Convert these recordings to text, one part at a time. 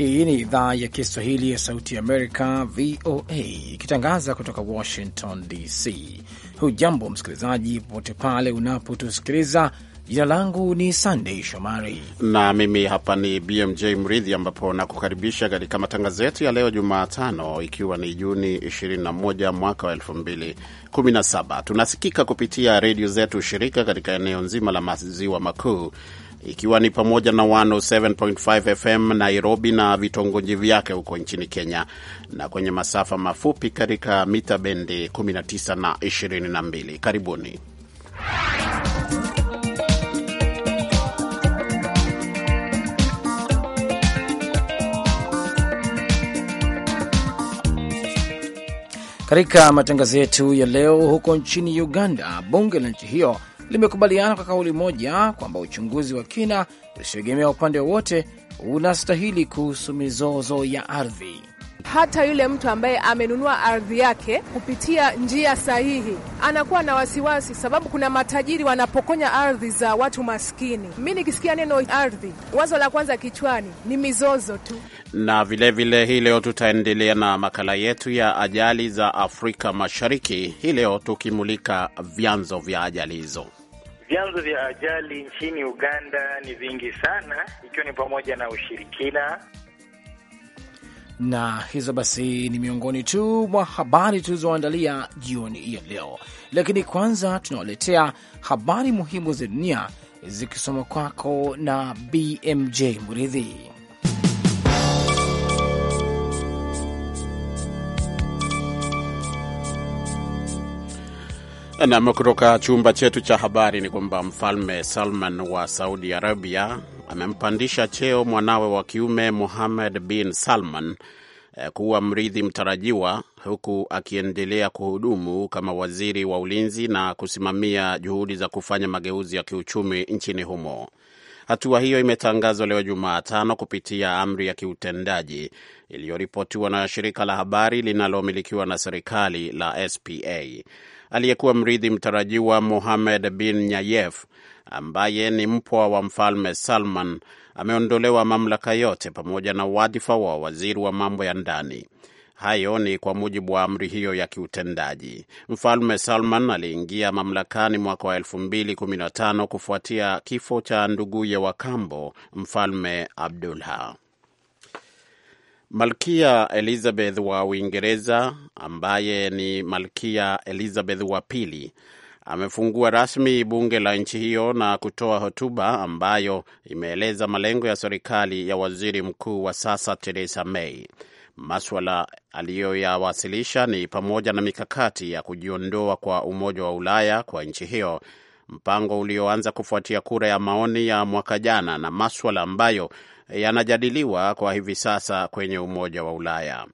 Hii ni idhaa ya Kiswahili ya Sauti ya Amerika, VOA, ikitangaza kutoka Washington DC. Hujambo msikilizaji, popote pale unapotusikiliza. Jina langu ni sandei Shomari na mimi hapa ni BMJ Mridhi, ambapo nakukaribisha katika matangazo yetu ya leo Jumatano, ikiwa ni Juni 21 mwaka wa 2017. Tunasikika kupitia redio zetu shirika katika eneo nzima la maziwa makuu ikiwa ni pamoja na 107.5 FM Nairobi na vitongoji vyake huko nchini Kenya, na kwenye masafa mafupi katika mita bendi 19 na 22. Karibuni. Katika matangazo yetu ya leo, huko nchini Uganda, bunge la nchi hiyo limekubaliana kwa kauli moja kwamba uchunguzi wa kina usioegemea upande wowote unastahili kuhusu mizozo ya ardhi. Hata yule mtu ambaye amenunua ardhi yake kupitia njia sahihi anakuwa na wasiwasi, sababu kuna matajiri wanapokonya ardhi za watu maskini. Mi nikisikia neno ardhi, wazo la kwanza kichwani ni mizozo tu. Na vilevile hii leo tutaendelea na makala yetu ya ajali za Afrika Mashariki, hii leo tukimulika vyanzo vya ajali hizo. Vyanzo vya ajali nchini Uganda ni vingi sana, ikiwa ni pamoja na ushirikina. Na hizo basi ni miongoni tu mwa habari tulizoandalia jioni ya leo, lakini kwanza tunawaletea habari muhimu za dunia zikisoma kwako na BMJ Muridhi. Nam, kutoka chumba chetu cha habari ni kwamba Mfalme Salman wa Saudi Arabia amempandisha cheo mwanawe wa kiume muhamed bin Salman eh, kuwa mrithi mtarajiwa huku akiendelea kuhudumu kama waziri wa ulinzi na kusimamia juhudi za kufanya mageuzi ya kiuchumi nchini humo. Hatua hiyo imetangazwa leo Jumatano kupitia amri ya kiutendaji iliyoripotiwa na shirika la habari linalomilikiwa na serikali la SPA aliyekuwa mrithi mtarajiwa Mohamed bin Nayef ambaye ni mpwa wa mfalme Salman ameondolewa mamlaka yote pamoja na wadhifa wa waziri wa mambo ya ndani. Hayo ni kwa mujibu wa amri hiyo ya kiutendaji. Mfalme Salman aliingia mamlakani mwaka wa 2015 kufuatia kifo cha nduguye wa kambo Mfalme Abdullah. Malkia Elizabeth wa Uingereza ambaye ni Malkia Elizabeth wa pili amefungua rasmi bunge la nchi hiyo na kutoa hotuba ambayo imeeleza malengo ya serikali ya waziri mkuu wa sasa Theresa May. Maswala aliyoyawasilisha ni pamoja na mikakati ya kujiondoa kwa Umoja wa Ulaya kwa nchi hiyo, mpango ulioanza kufuatia kura ya maoni ya mwaka jana, na maswala ambayo yanajadiliwa kwa hivi sasa kwenye Umoja wa Ulaya.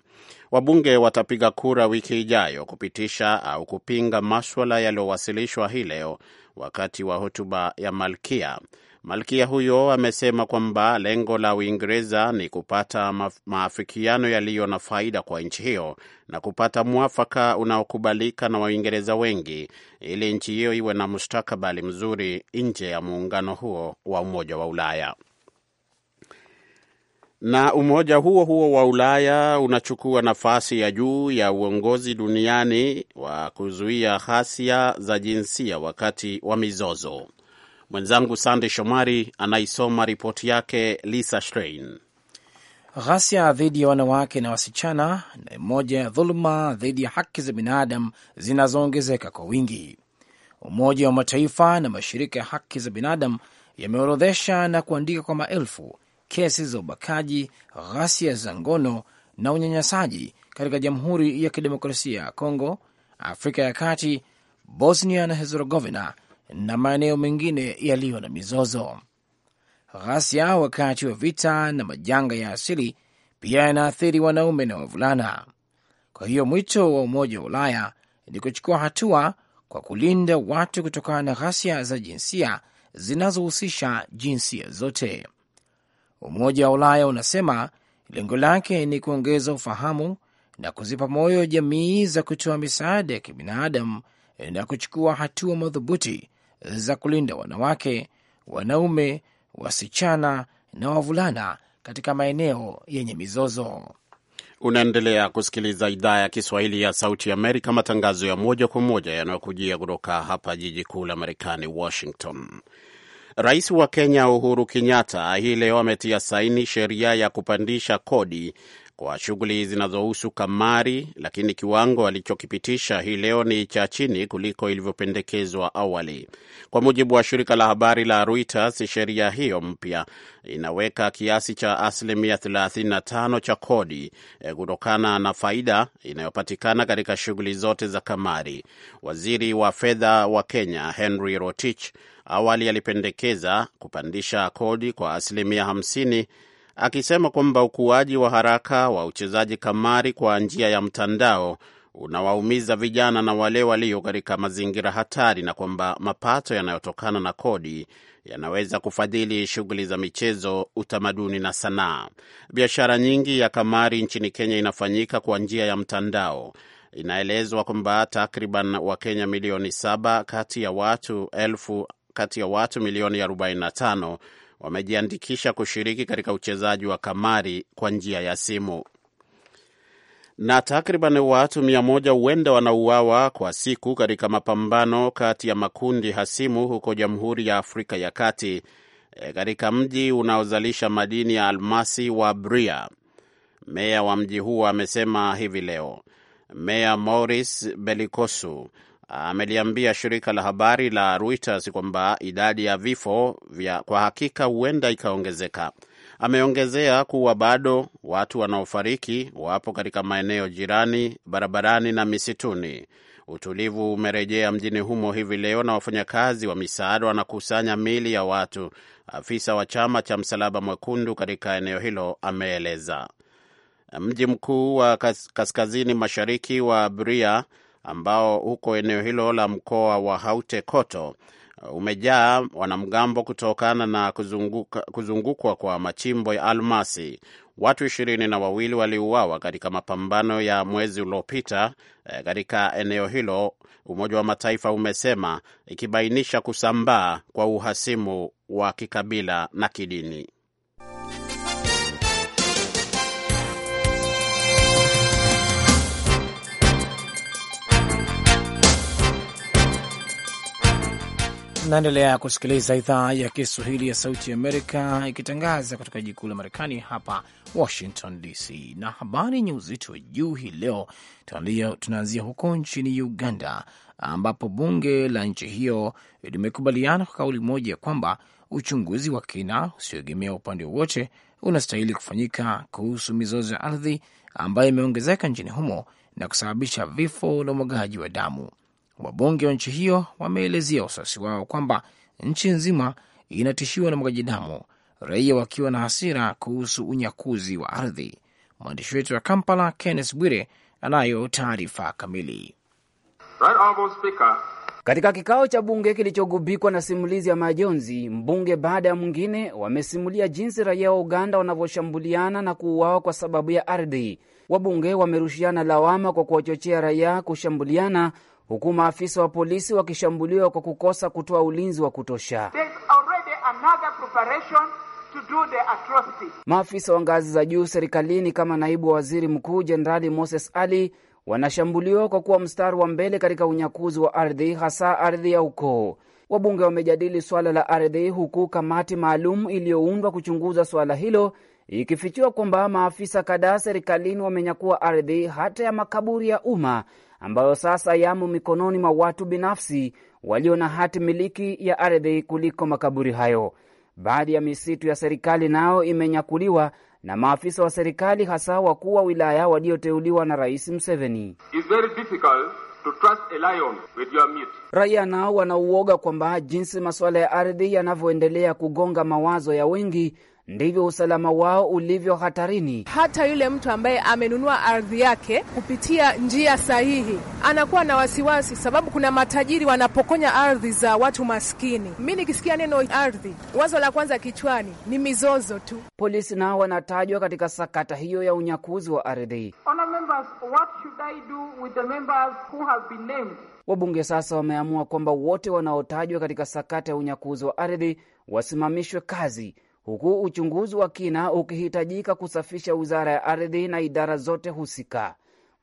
Wabunge watapiga kura wiki ijayo kupitisha au kupinga maswala yaliyowasilishwa hii leo wakati wa hotuba ya Malkia. Malkia huyo amesema kwamba lengo la Uingereza ni kupata maafikiano yaliyo na faida kwa nchi hiyo na kupata mwafaka unaokubalika na Waingereza wengi ili nchi hiyo iwe na mustakabali mzuri nje ya muungano huo wa Umoja wa Ulaya. Na umoja huo huo wa Ulaya unachukua nafasi ya juu ya uongozi duniani wa kuzuia ghasia za jinsia wakati wa mizozo. Mwenzangu Sande Shomari anaisoma ripoti yake Lisa Schrein. Ghasia dhidi ya wanawake na wasichana ni moja ya dhuluma dhidi ya haki za binadamu zinazoongezeka kwa wingi. Umoja wa Mataifa na mashirika ya haki za binadamu yameorodhesha na kuandika kwa maelfu kesi za ubakaji, ghasia za ngono na unyanyasaji katika Jamhuri ya Kidemokrasia ya Kongo, Afrika ya Kati, Bosnia na Herzegovina na maeneo mengine yaliyo na mizozo. Ghasia wakati wa vita na majanga ya asili pia yanaathiri wanaume na wavulana. Kwa hiyo mwito wa Umoja wa Ulaya ni kuchukua hatua kwa kulinda watu kutokana na ghasia za jinsia zinazohusisha jinsia zote. Umoja wa Ulaya unasema lengo lake ni kuongeza ufahamu na kuzipa moyo jamii za kutoa misaada ya kibinadamu na kuchukua hatua madhubuti za kulinda wanawake, wanaume, wasichana na wavulana katika maeneo yenye mizozo. Unaendelea kusikiliza idhaa ya Kiswahili ya Sauti Amerika, matangazo ya moja kwa moja yanayokujia kutoka hapa jiji kuu la Marekani, Washington. Rais wa Kenya Uhuru Kenyatta hii leo ametia saini sheria ya kupandisha kodi kwa shughuli zinazohusu kamari, lakini kiwango alichokipitisha hii leo ni cha chini kuliko ilivyopendekezwa awali. Kwa mujibu wa shirika la habari la Reuters, sheria hiyo mpya inaweka kiasi cha asilimia 35 cha kodi eh, kutokana na faida inayopatikana katika shughuli zote za kamari. Waziri wa fedha wa Kenya Henry Rotich Awali alipendekeza kupandisha kodi kwa asilimia 50 akisema kwamba ukuaji wa haraka wa uchezaji kamari kwa njia ya mtandao unawaumiza vijana na wale walio katika mazingira hatari na kwamba mapato yanayotokana na kodi yanaweza kufadhili shughuli za michezo, utamaduni na sanaa. Biashara nyingi ya kamari nchini Kenya inafanyika kwa njia ya mtandao. Inaelezwa kwamba takriban Wakenya milioni saba kati ya watu elfu kati ya watu milioni 45 wamejiandikisha kushiriki katika uchezaji wa kamari kwa njia ya simu na takriban watu mia moja huenda wanauawa kwa siku katika mapambano kati ya makundi hasimu huko Jamhuri ya Afrika ya Kati eh, katika mji unaozalisha madini ya almasi wa Bria. Meya wa mji huo amesema hivi leo. Meya Maurice Belikosu ameliambia shirika la habari la Reuters kwamba idadi ya vifo vya kwa hakika huenda ikaongezeka. Ameongezea kuwa bado watu wanaofariki wapo katika maeneo jirani, barabarani na misituni. Utulivu umerejea mjini humo hivi leo na wafanyakazi wa misaada wanakusanya mili ya watu, afisa wa chama cha Msalaba Mwekundu katika eneo hilo ameeleza. Mji mkuu wa kaskazini mashariki wa Bria ambao huko eneo hilo la mkoa wa Haute-Koto uh, umejaa wanamgambo kutokana na kuzunguka, kuzungukwa kwa machimbo ya almasi. Watu ishirini na wawili waliuawa katika mapambano ya mwezi uliopita uh, katika eneo hilo, Umoja wa Mataifa umesema, ikibainisha kusambaa kwa uhasimu wa kikabila na kidini. Naendelea kusikiliza idhaa ya Kiswahili ya Sauti Amerika ikitangaza kutoka jiji kuu la Marekani hapa Washington DC. Na habari yenye uzito wa juu hii leo tunaanzia huko nchini Uganda, ambapo bunge la nchi hiyo limekubaliana kwa kauli moja kwamba uchunguzi wa kina usioegemea upande wowote unastahili kufanyika kuhusu mizozo ya ardhi ambayo imeongezeka nchini humo na kusababisha vifo na umwagaji wa damu. Wabunge wa nchi hiyo wameelezea wasiwasi wao kwamba nchi nzima inatishiwa na mwagaji damu, raia wakiwa na hasira kuhusu unyakuzi wa ardhi. Mwandishi wetu wa Kampala, Kenneth Bwire, anayo taarifa kamili. Katika kikao cha bunge kilichogubikwa na simulizi ya majonzi, mbunge baada ya mwingine wamesimulia jinsi raia wa Uganda wanavyoshambuliana na kuuawa kwa sababu ya ardhi. Wabunge wamerushiana lawama kwa kuwachochea raia kushambuliana, huku maafisa wa polisi wakishambuliwa kwa kukosa kutoa ulinzi wa kutosha. Maafisa wa ngazi za juu serikalini kama naibu wa waziri mkuu Jenerali Moses Ali wanashambuliwa kwa kuwa mstari wa mbele katika unyakuzi wa ardhi, hasa ardhi ya ukoo. Wabunge wamejadili suala la ardhi, huku kamati maalum iliyoundwa kuchunguza suala hilo ikifichua kwamba maafisa kadhaa serikalini wamenyakua ardhi hata ya makaburi ya umma ambayo sasa yamo mikononi mwa watu binafsi walio na hati miliki ya ardhi kuliko makaburi hayo. Baadhi ya misitu ya serikali nayo imenyakuliwa na maafisa wa serikali, hasa wakuu wa wilaya walioteuliwa na Rais Museveni. Raia nao wanauoga kwamba jinsi masuala ya ardhi yanavyoendelea kugonga mawazo ya wengi ndivyo usalama wao ulivyo hatarini. Hata yule mtu ambaye amenunua ardhi yake kupitia njia sahihi anakuwa na wasiwasi, sababu kuna matajiri wanapokonya ardhi za watu maskini. Mi nikisikia neno ardhi, wazo la kwanza kichwani ni mizozo tu. Polisi nao wanatajwa katika sakata hiyo ya unyakuzi wa ardhi. Wabunge sasa wameamua kwamba wote wanaotajwa katika sakata ya unyakuzi wa ardhi wasimamishwe kazi huku uchunguzi wa kina ukihitajika kusafisha wizara ya ardhi na idara zote husika.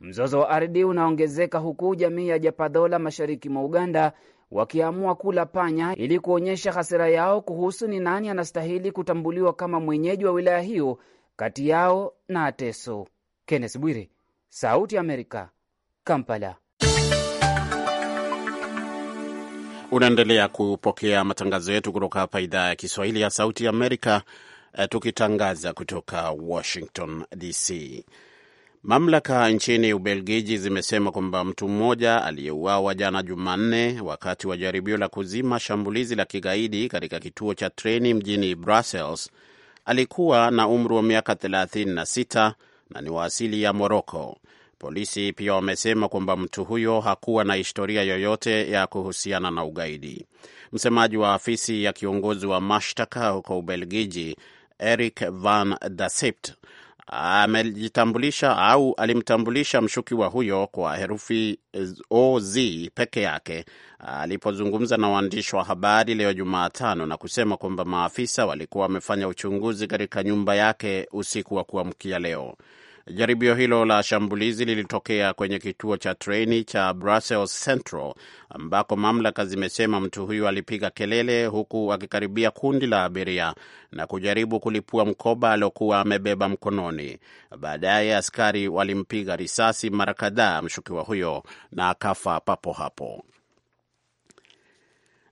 Mzozo wa ardhi unaongezeka huku jamii ya Japadhola mashariki mwa Uganda wakiamua kula panya ili kuonyesha hasira yao kuhusu ni nani anastahili kutambuliwa kama mwenyeji wa wilaya hiyo kati yao na Ateso. Kenneth Bwire, Sauti ya Amerika, Kampala. Unaendelea kupokea matangazo yetu kutoka hapa idhaa ya Kiswahili ya Sauti Amerika, eh, tukitangaza kutoka Washington DC. Mamlaka nchini Ubelgiji zimesema kwamba mtu mmoja aliyeuawa jana Jumanne wakati wa jaribio la kuzima shambulizi la kigaidi katika kituo cha treni mjini Brussels alikuwa na umri wa miaka 36 na ni wa asili ya Moroko. Polisi pia wamesema kwamba mtu huyo hakuwa na historia yoyote ya kuhusiana na ugaidi. Msemaji wa afisi ya kiongozi wa mashtaka huko Ubelgiji, Eric Van Dasipt, amejitambulisha au alimtambulisha mshukiwa huyo kwa herufi OZ peke yake alipozungumza na waandishi wa habari leo Jumatano, na kusema kwamba maafisa walikuwa wamefanya uchunguzi katika nyumba yake usiku wa kuamkia leo. Jaribio hilo la shambulizi lilitokea kwenye kituo cha treni cha Brussels Central ambako mamlaka zimesema mtu huyo alipiga kelele huku akikaribia kundi la abiria na kujaribu kulipua mkoba aliokuwa amebeba mkononi. Baadaye askari walimpiga risasi mara kadhaa mshukiwa huyo na akafa papo hapo.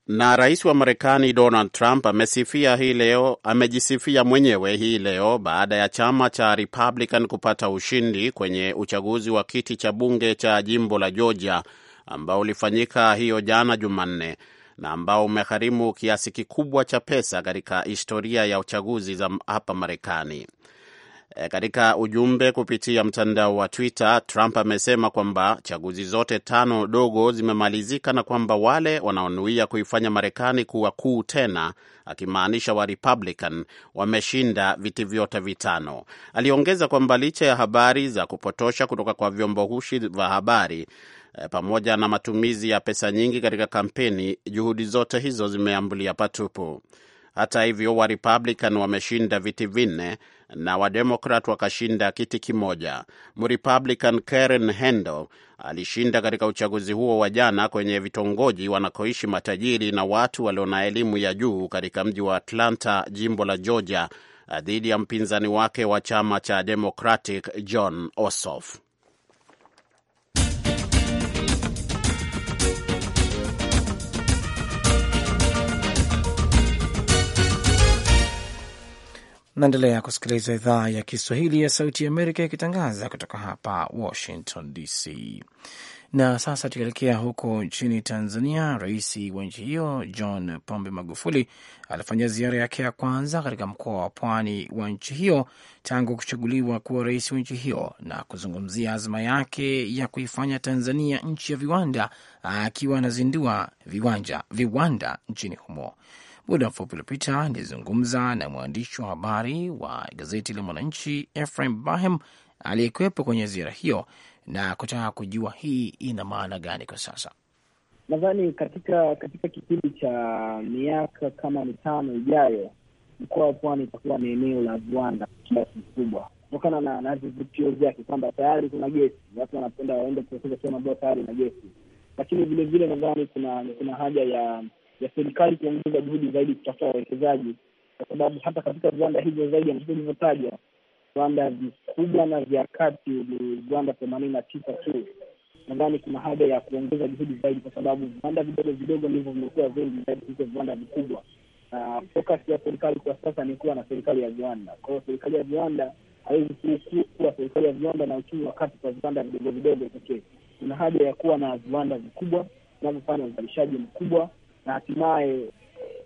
Na rais wa Marekani Donald Trump amesifia hii leo, amejisifia mwenyewe hii leo baada ya chama cha Republican kupata ushindi kwenye uchaguzi wa kiti cha bunge cha jimbo la Georgia ambao ulifanyika hiyo jana Jumanne na ambao umegharimu kiasi kikubwa cha pesa katika historia ya uchaguzi za hapa Marekani. E, katika ujumbe kupitia mtandao wa Twitter, Trump amesema kwamba chaguzi zote tano dogo zimemalizika na kwamba wale wanaonuia kuifanya Marekani kuwa kuu tena, akimaanisha wa Republican, wameshinda viti vyote vitano. Aliongeza kwamba licha ya habari za kupotosha kutoka kwa vyombo hushi vya habari eh, pamoja na matumizi ya pesa nyingi katika kampeni, juhudi zote hizo zimeambulia patupu. Hata hivyo, wa Republican wameshinda viti vinne na Wademokrat wakashinda kiti kimoja. Mrepublican Karen hendel alishinda katika uchaguzi huo wa jana kwenye vitongoji wanakoishi matajiri na watu walio na elimu ya juu katika mji wa Atlanta, jimbo la Georgia, dhidi ya mpinzani wake wa chama cha Democratic John Ossoff. Naendelea kusikiliza idhaa ya Kiswahili ya Sauti ya Amerika ikitangaza kutoka hapa Washington DC. Na sasa tukielekea huko nchini Tanzania, rais wa nchi hiyo John Pombe Magufuli alifanya ziara yake ya kwanza katika mkoa wa pwani wa nchi hiyo tangu kuchaguliwa kuwa rais wa nchi hiyo na kuzungumzia azma yake ya kuifanya Tanzania nchi ya viwanda, akiwa anazindua viwanja viwanda nchini humo. Muda mfupi uliopita nilizungumza na mwandishi wa habari wa gazeti la Mwananchi Efraim Bahem aliyekuwepo kwenye ziara hiyo na kutaka kujua hii ina maana gani kwa sasa. Nadhani katika katika kipindi cha miaka kama mitano ijayo, mkoa wa Pwani itakuwa ni eneo la viwanda kiasi kikubwa, kutokana na na vivutio vyake, kwamba tayari kuna gesi, watu wanapenda waende kuwekeza sehemu ambayo tayari na gesi, lakini vilevile nadhani kuna kuna haja ya ya serikali kuongeza juhudi zaidi kutafuta wawekezaji, kwa sababu hata katika viwanda hivyo zaidi ya ilivyotaja viwanda vikubwa na vya kati ni viwanda themanini na tisa tu. Nadhani kuna haja ya kuongeza juhudi zaidi, kwa sababu viwanda vidogo vidogo ndivyo vimekuwa vingi zaidi kuliko viwanda vikubwa. Uh, ya serikali kwa sasa ni kuwa na serikali ya viwanda. Kwa hiyo serikali ya viwanda haiwezi kuwa serikali ya viwanda na uchumi wa kati kwa viwanda vidogo vidogo pekee. Kuna haja ya kuwa na viwanda vikubwa vinavyofanya uzalishaji mkubwa na hatimaye eh,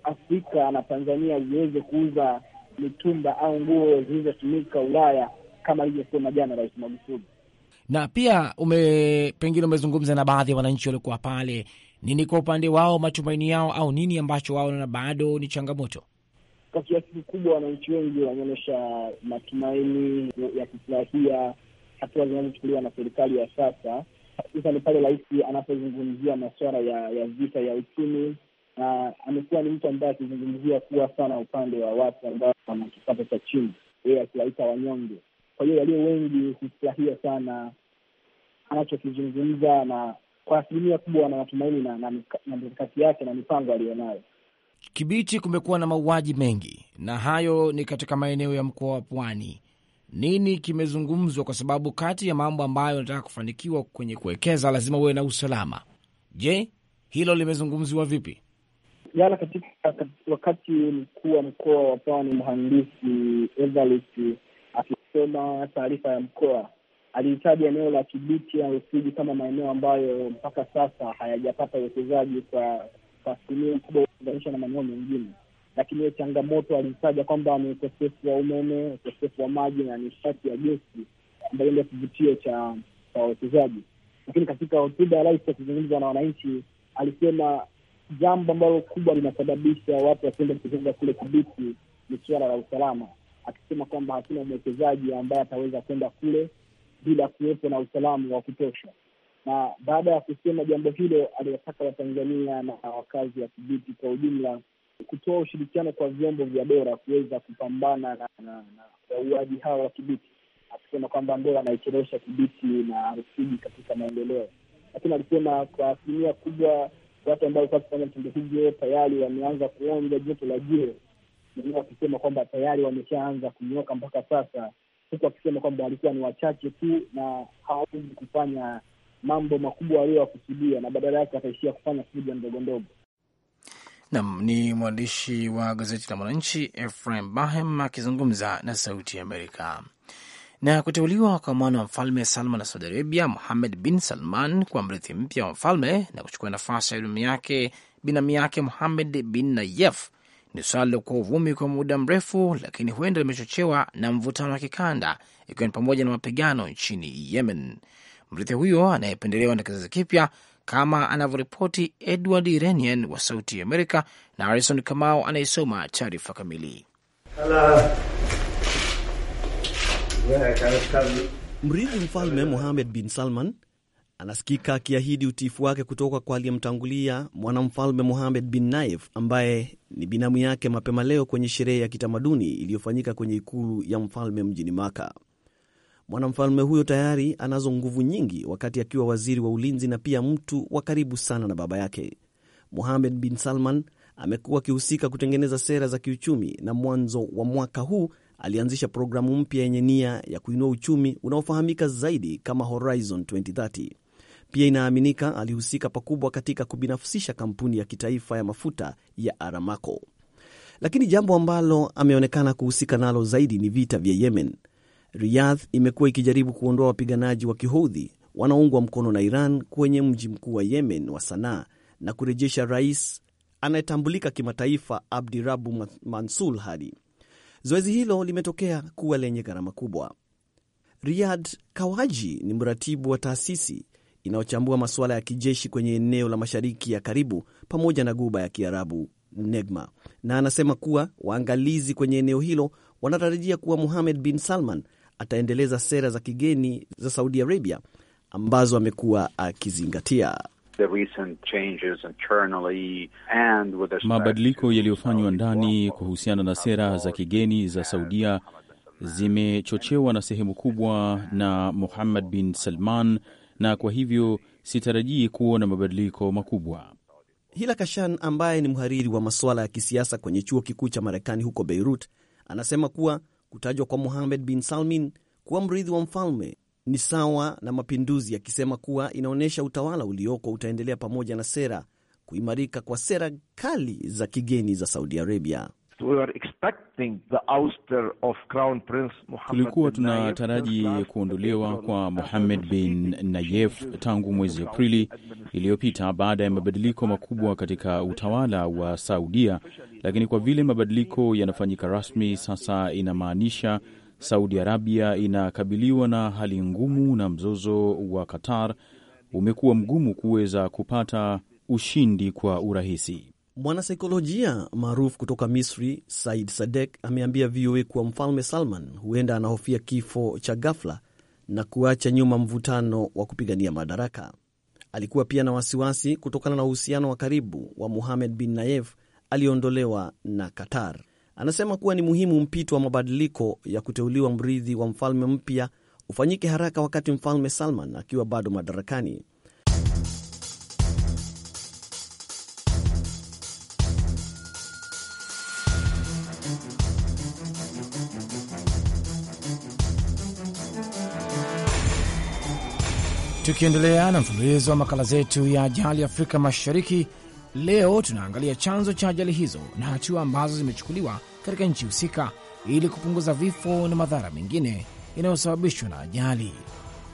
Afrika na Tanzania ziweze kuuza mitumba au nguo zilizotumika Ulaya kama alivyosema jana Rais Magufuli. Na pia ume pengine umezungumza na baadhi ya wananchi waliokuwa pale, nini kwa upande wao matumaini yao au nini ambacho wao wanaona bado ni changamoto? Kwa kiasi kikubwa wananchi wengi wanaonyesha matumaini ya kufurahia hatua zinazochukuliwa na serikali ya sasa, hususani pale rais anapozungumzia masuala ya, ya vita ya uchumi na amekuwa ni mtu ambaye akizungumzia kuwa sana upande wa watu ambao wana kipato cha chini, yeye akiwaita wanyonge. Kwa hiyo walio wengi hufurahia sana anachokizungumza, na kwa asilimia kubwa wana matumaini na mikakati yake na mipango aliyonayo. Kibiti kumekuwa na mauaji mengi, na hayo ni katika maeneo ya mkoa wa Pwani. Nini kimezungumzwa? Kwa sababu kati ya mambo ambayo anataka kufanikiwa kwenye kuwekeza lazima uwe na usalama. Je, hilo limezungumziwa vipi? jana katika wakati mkuu wa mkoa wa Pwani mhandisi Evarist akisoma taarifa ya mkoa alihitaji eneo la Kibiti na Rufiji kama maeneo ambayo mpaka sasa hayajapata uwekezaji kwa asilimia kubwa ukilinganisha na maeneo mengine. Lakini hiyo changamoto alihitaja kwamba ni ukosefu wa umeme, ukosefu wa maji na nishati ya gesi, ambayo ndio kivutio cha wawekezaji. Lakini katika hotuba ya rais akizungumza na wananchi alisema jambo ambalo kubwa linasababisha watu wasiende kucheza kule Kibiti ni suala la usalama, akisema kwamba hakuna mwekezaji ambaye ataweza kwenda kule bila kuwepo na usalama wa kutosha. Na baada ya kusema jambo hilo, aliwataka Watanzania na wakazi wa Kibiti kwa ujumla kutoa ushirikiano kwa vyombo vya dola kuweza kupambana na, na, na wauaji hawa wa Kibiti, akisema kwamba ndo wanaichelewesha Kibiti na Rufiji katika maendeleo, lakini alisema kwa asilimia kubwa watu ambao walikuwa wakifanya vitendo hivyo tayari wameanza kuonja joto la jiwe, wenyewe wakisema kwamba tayari wameshaanza kunyoka mpaka sasa, huku wakisema kwamba walikuwa ni wachache tu na hawawezi kufanya mambo makubwa waliyowakusudia, na badala yake wataishia kufanya fuja ndogo ndogo. Nam ni mwandishi wa gazeti la Mwananchi Efraim Bahem akizungumza na Sauti ya Amerika na kuteuliwa kwa mwana wa mfalme Salman wa Saudi Arabia, Muhamed bin Salman, kwa mrithi mpya wa mfalme na kuchukua nafasi ya binamu yake Muhamed bin Nayef ni swala lilokuwa uvumi kwa muda mrefu, lakini huenda limechochewa na mvutano wa kikanda, ikiwa ni pamoja na mapigano nchini Yemen. Mrithi huyo anayependelewa na kizazi kipya, kama anavyoripoti Edward Renian wa Sauti ya Amerika na Harison Kamau anayesoma taarifa kamili Hello. Mrithi mfalme Mohamed bin Salman anasikika akiahidi utiifu wake kutoka kwa aliyemtangulia mwanamfalme Mohamed bin Naif ambaye ni binamu yake, mapema leo kwenye sherehe ya kitamaduni iliyofanyika kwenye ikulu ya mfalme mjini Maka. Mwanamfalme huyo tayari anazo nguvu nyingi, wakati akiwa waziri wa ulinzi na pia mtu wa karibu sana na baba yake. Mohamed bin Salman amekuwa akihusika kutengeneza sera za kiuchumi, na mwanzo wa mwaka huu alianzisha programu mpya yenye nia ya kuinua uchumi unaofahamika zaidi kama Horizon 2030. Pia inaaminika alihusika pakubwa katika kubinafsisha kampuni ya kitaifa ya mafuta ya aramaco Lakini jambo ambalo ameonekana kuhusika nalo zaidi ni vita vya Yemen. Riyadh imekuwa ikijaribu kuondoa wapiganaji wa kihoudhi wanaoungwa mkono na Iran kwenye mji mkuu wa Yemen wa Sanaa na kurejesha rais anayetambulika kimataifa Abdirabu mansul Hadi. Zoezi hilo limetokea kuwa lenye gharama kubwa. Riyad Kawaji ni mratibu wa taasisi inayochambua masuala ya kijeshi kwenye eneo la Mashariki ya Karibu pamoja na Guba ya Kiarabu Negma, na anasema kuwa waangalizi kwenye eneo hilo wanatarajia kuwa muhamed bin Salman ataendeleza sera za kigeni za Saudi Arabia ambazo amekuwa akizingatia. The recent changes internally and with mabadiliko yaliyofanywa ndani kuhusiana na sera za kigeni za Saudia zimechochewa na sehemu kubwa na Muhammad bin Salman, na kwa hivyo sitarajii kuona mabadiliko makubwa. Hila Kashan ambaye ni mhariri wa masuala ya kisiasa kwenye chuo kikuu cha Marekani huko Beirut anasema kuwa kutajwa kwa Muhammad bin Salmin kuwa mrithi wa mfalme ni sawa na mapinduzi, akisema kuwa inaonyesha utawala ulioko utaendelea pamoja na sera kuimarika kwa sera kali za kigeni za Saudi Arabia. Tulikuwa tunataraji kuondolewa kwa Mohammed bin Nayef tangu mwezi Aprili iliyopita baada ya mabadiliko makubwa katika utawala wa Saudia, lakini kwa vile mabadiliko yanafanyika rasmi sasa, inamaanisha Saudi Arabia inakabiliwa na hali ngumu na mzozo wa Qatar umekuwa mgumu kuweza kupata ushindi kwa urahisi. Mwanasaikolojia maarufu kutoka Misri, Said Sadek, ameambia VOA kuwa Mfalme Salman huenda anahofia kifo cha ghafla na kuacha nyuma mvutano wa kupigania madaraka. Alikuwa pia na wasiwasi kutokana na uhusiano wa karibu wa muhamed bin Nayef aliyeondolewa na Qatar. Anasema kuwa ni muhimu mpito wa mabadiliko ya kuteuliwa mrithi wa mfalme mpya ufanyike haraka wakati mfalme Salman akiwa bado madarakani. Tukiendelea na mfululizo wa makala zetu ya ajali Afrika Mashariki, Leo tunaangalia chanzo cha ajali hizo na hatua ambazo zimechukuliwa katika nchi husika ili kupunguza vifo na madhara mengine inayosababishwa na ajali.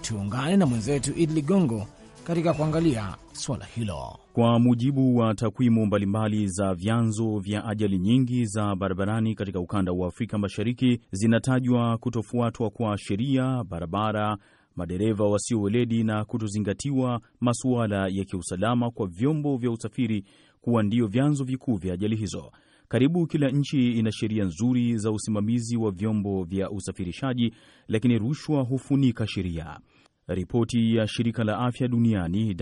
Tuungane na mwenzetu Idi Ligongo katika kuangalia suala hilo. Kwa mujibu wa takwimu mbalimbali za vyanzo vya ajali nyingi za barabarani katika ukanda wa Afrika Mashariki zinatajwa kutofuatwa kwa sheria barabara madereva wasioweledi na kutozingatiwa masuala ya kiusalama kwa vyombo vya usafiri kuwa ndio vyanzo vikuu vya ajali hizo. Karibu kila nchi ina sheria nzuri za usimamizi wa vyombo vya usafirishaji, lakini rushwa hufunika sheria. Ripoti ya shirika la afya duniani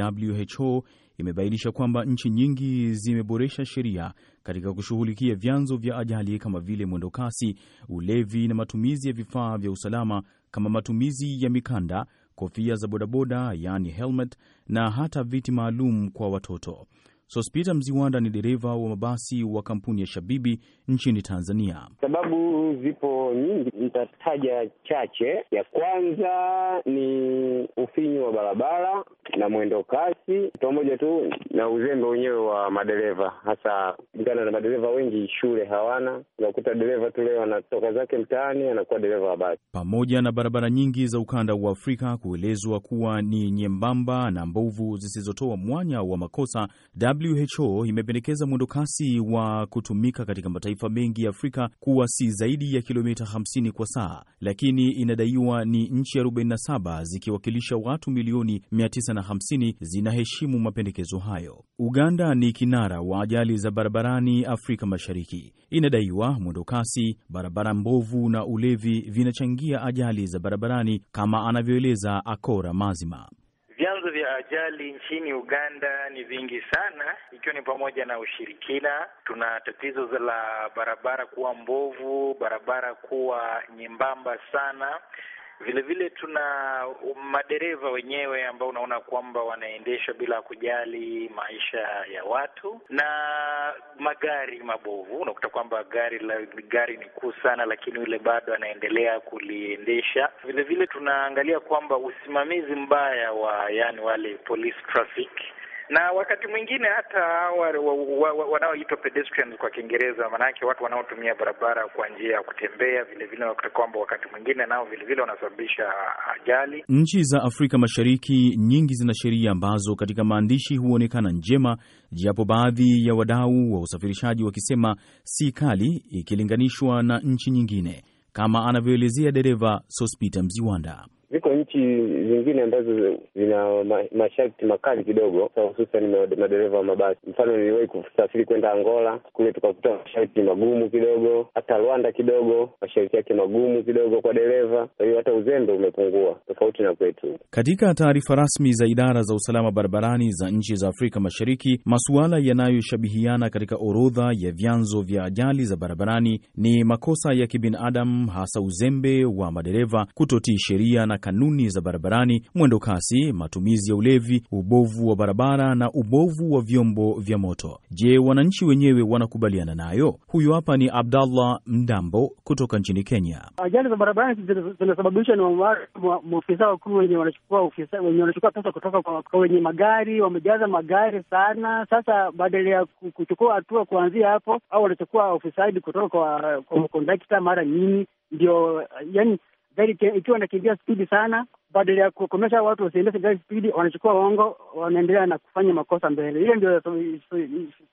WHO imebainisha kwamba nchi nyingi zimeboresha sheria katika kushughulikia vyanzo vya ajali kama vile mwendokasi, ulevi na matumizi ya vifaa vya usalama kama matumizi ya mikanda, kofia za bodaboda, yaani helmet, na hata viti maalum kwa watoto. Sospita Mziwanda ni dereva wa mabasi wa kampuni ya Shabibi nchini Tanzania. Sababu zipo nyingi, nitataja chache. Ya kwanza ni ufinyu wa barabara na mwendo kasi, pamoja tu na uzembe wenyewe wa madereva, hasa kulingana na madereva wengi shule hawana. Unakuta dereva tu leo anatoka zake mtaani anakuwa dereva wa basi. Pamoja na barabara nyingi za ukanda wa Afrika kuelezwa kuwa ni nyembamba na mbovu zisizotoa mwanya wa makosa, WHO imependekeza mwendokasi wa kutumika katika mataifa mengi ya Afrika kuwa si zaidi ya kilomita 50 kwa saa, lakini inadaiwa ni nchi 47 zikiwakilisha watu milioni 950 zinaheshimu mapendekezo hayo. Uganda ni kinara wa ajali za barabarani Afrika Mashariki. Inadaiwa mwendokasi, barabara mbovu na ulevi vinachangia ajali za barabarani, kama anavyoeleza Akora Mazima ajali nchini Uganda ni vingi sana, ikiwa ni pamoja na ushirikina. Tuna tatizo la barabara kuwa mbovu, barabara kuwa nyembamba sana vile vile tuna madereva wenyewe ambao unaona kwamba wanaendesha bila kujali maisha ya watu na magari mabovu. Unakuta kwamba gari la gari ni kuu sana, lakini yule bado anaendelea kuliendesha. Vile vile tunaangalia kwamba usimamizi mbaya wa yani wale police traffic na wakati mwingine hata wanaoitwa pedestrians kwa Kiingereza, maanake watu wanaotumia barabara kwa njia ya kutembea, vilevile nakuta kwamba wakati mwingine nao vilevile wanasababisha ajali. Nchi za Afrika Mashariki nyingi zina sheria ambazo katika maandishi huonekana njema, japo baadhi ya wadau wa usafirishaji wakisema si kali ikilinganishwa na nchi nyingine, kama anavyoelezea dereva Sospita Mziwanda. Ziko nchi zingine ambazo zina masharti makali kidogo, hususan madereva wa mabasi. Mfano, niliwahi kusafiri kwenda Angola, kule tukakuta masharti magumu kidogo. Hata Rwanda kidogo masharti yake magumu kidogo kwa dereva, kwa hiyo hata uzembe umepungua tofauti na kwetu. Katika taarifa rasmi za idara za usalama barabarani za nchi za Afrika Mashariki, masuala yanayoshabihiana katika orodha ya vyanzo vya ajali za barabarani ni makosa ya kibinadamu, hasa uzembe wa madereva, kutotii sheria na kanuni za barabarani, mwendo kasi, matumizi ya ulevi, ubovu wa barabara na ubovu wa vyombo vya moto. Je, wananchi wenyewe wanakubaliana nayo? Huyu hapa ni Abdallah Mdambo kutoka nchini Kenya. Ajali za barabarani zinasababishwa ni maofisa wakuu wenye wanachukua wenye wanachukua pesa kutoka kwa wenye magari, wamejaza magari sana. Sasa badala ya kuchukua hatua kuanzia hapo, au wanachukua ofisadi kutoka kwa kondakta mara nyingi ndio, yani gari ikiwa inakimbia spidi sana, badala ya kukomesha watu wasiendeshe gari spidi, wanachukua wongo wanaendelea na kufanya makosa mbele. Hiyo ndio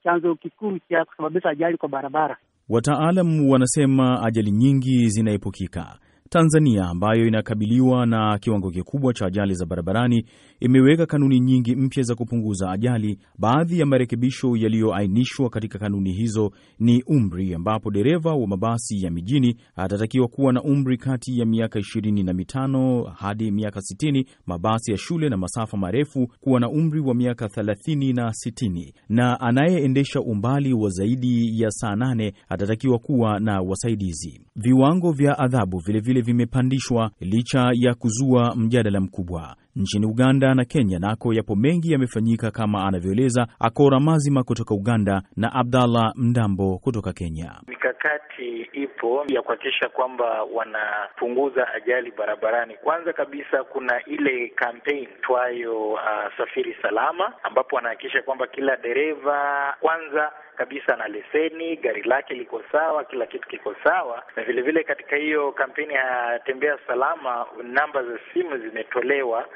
chanzo kikuu cha kusababisha ajali kwa barabara. Wataalam wanasema ajali nyingi zinaepukika Tanzania ambayo inakabiliwa na kiwango kikubwa cha ajali za barabarani imeweka kanuni nyingi mpya za kupunguza ajali. Baadhi ya marekebisho yaliyoainishwa katika kanuni hizo ni umri, ambapo dereva wa mabasi ya mijini atatakiwa kuwa na umri kati ya miaka ishirini na mitano hadi miaka sitini, mabasi ya shule na masafa marefu kuwa na umri wa miaka thelathini na sitini, na anayeendesha umbali wa zaidi ya saa nane atatakiwa kuwa na wasaidizi. Viwango vya adhabu vilevile vile vimepandishwa licha ya kuzua mjadala mkubwa. Nchini Uganda na Kenya nako yapo mengi yamefanyika, kama anavyoeleza Akora Mazima kutoka Uganda na Abdallah Mdambo kutoka Kenya. Mikakati ipo ya kuhakikisha kwamba wanapunguza ajali barabarani. Kwanza kabisa, kuna ile kampeni twayo uh, safiri salama, ambapo wanahakikisha kwamba kila dereva kwanza kabisa na leseni, gari lake liko sawa, kila kitu kiko sawa. Na vilevile katika hiyo kampeni ya tembea salama, namba za simu zimetolewa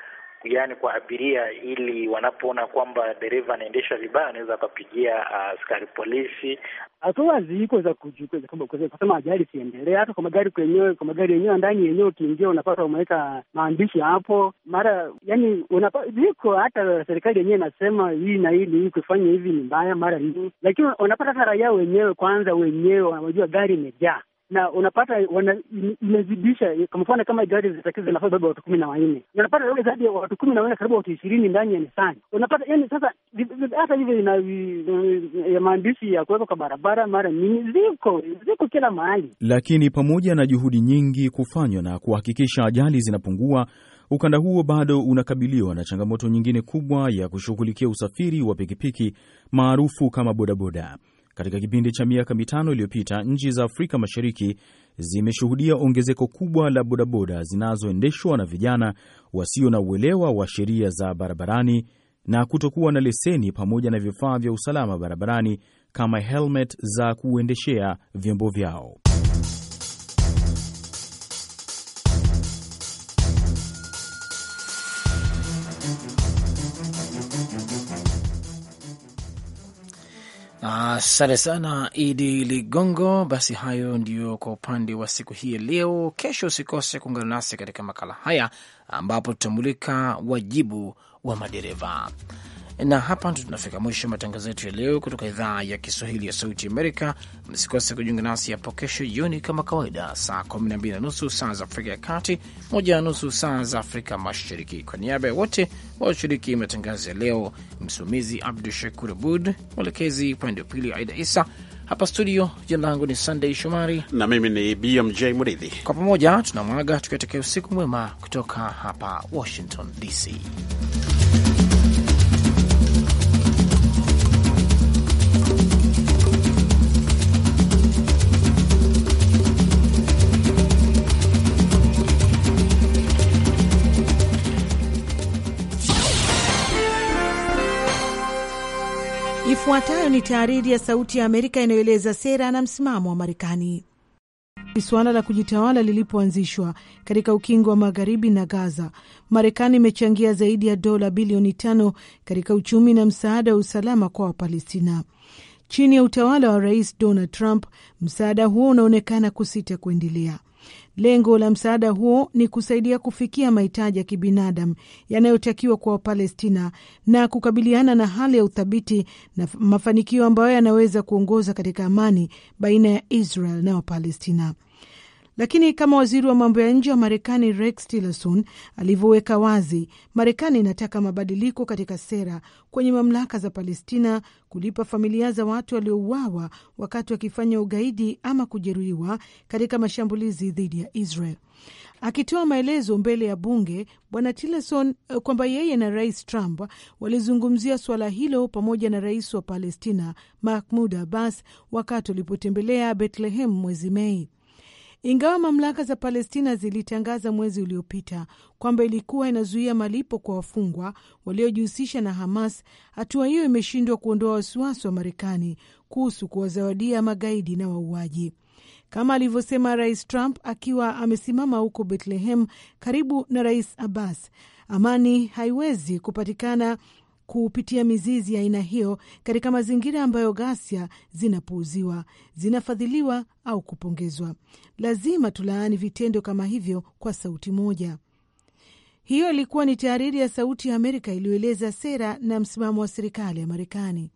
yani kwa abiria, ili wanapoona kwamba dereva anaendesha vibaya anaweza akapigia uh, askari uh, polisi. Hatua ziko za kusema ajali siendelee, hata kwa magari kwenyewe, kwa magari yenyewe ndani yenyewe, ukiingia unapata umeweka maandishi hapo mara, yani ziko, hata serikali yenyewe inasema hii na hii hii kufanya hivi ni mbaya mara nyingi, lakini unapata hata raia wenyewe kwanza wenyewe wanajua gari imejaa na unapata imezidisha kwa mfano kama gari zitakiwa zinafaa baba watu kumi na wanne unapata ule zaidi ya watu kumi na wanne karibu watu ishirini ndani ya Nisani unapata yani, sasa hata hivyo ina ya maandishi ya kuweka kwa barabara mara nyingi ziko ziko kila mahali, lakini pamoja na juhudi nyingi kufanywa na kuhakikisha ajali zinapungua ukanda huo bado unakabiliwa na changamoto nyingine kubwa ya kushughulikia usafiri wa pikipiki maarufu kama bodaboda. Katika kipindi cha miaka mitano iliyopita, nchi za Afrika Mashariki zimeshuhudia ongezeko kubwa la bodaboda zinazoendeshwa na vijana wasio na uelewa wa sheria za barabarani na kutokuwa na leseni pamoja na vifaa vya usalama barabarani kama helmet za kuendeshea vyombo vyao. Asante sana Idi Ligongo. Basi hayo ndiyo kwa upande wa siku hii leo. Kesho usikose kuungana nasi katika makala haya ambapo tutamulika wajibu wa madereva. Na hapa ndo tunafika mwisho matangazo yetu ya leo kutoka idhaa ya Kiswahili ya Sauti Amerika. Msikose kujiunga nasi hapo kesho jioni kama kawaida, saa 12 na nusu saa za Afrika ya Kati, moja na nusu saa za Afrika Mashariki. Kwa niaba ya wote walioshiriki matangazo ya leo, msimamizi Abdu Shakur Abud, mwelekezi upande wa pili Aida Isa hapa studio. Jina langu ni Sunday Shomari na mimi ni BMJ Mridhi. Kwa pamoja tunamwaga tukiwatakia usiku mwema kutoka hapa Washington DC. Ifuatayo ni taariri ya Sauti ya Amerika inayoeleza sera na msimamo wa Marekani. Suala la kujitawala lilipoanzishwa katika ukingo wa magharibi na Gaza, Marekani imechangia zaidi ya dola bilioni tano katika uchumi na msaada wa usalama kwa Wapalestina. Chini ya utawala wa Rais Donald Trump, msaada huo unaonekana kusita kuendelea. Lengo la msaada huo ni kusaidia kufikia mahitaji ya kibinadamu yanayotakiwa kwa Wapalestina na kukabiliana na hali ya uthabiti na mafanikio ambayo yanaweza kuongoza katika amani baina ya Israel na Wapalestina. Lakini kama waziri wa mambo ya nje wa Marekani Rex Tillerson alivyoweka wazi, Marekani inataka mabadiliko katika sera kwenye mamlaka za Palestina, kulipa familia za watu waliouawa wakati wakifanya ugaidi ama kujeruhiwa katika mashambulizi dhidi ya Israel. Akitoa maelezo mbele ya bunge, bwana Tillerson eh, kwamba yeye na rais Trump walizungumzia suala hilo pamoja na rais wa Palestina Mahmud Abbas wakati walipotembelea Bethlehem mwezi Mei. Ingawa mamlaka za Palestina zilitangaza mwezi uliopita kwamba ilikuwa inazuia malipo kwa wafungwa waliojihusisha na Hamas, hatua hiyo imeshindwa kuondoa wasiwasi wa Marekani kuhusu kuwazawadia magaidi na wauaji, kama alivyosema Rais Trump akiwa amesimama huko Bethlehem karibu na Rais Abbas. Amani haiwezi kupatikana kupitia mizizi ya aina hiyo katika mazingira ambayo ghasia zinapuuziwa, zinafadhiliwa au kupongezwa. Lazima tulaani vitendo kama hivyo kwa sauti moja. Hiyo ilikuwa ni tahariri ya Sauti ya Amerika iliyoeleza sera na msimamo wa serikali ya Marekani.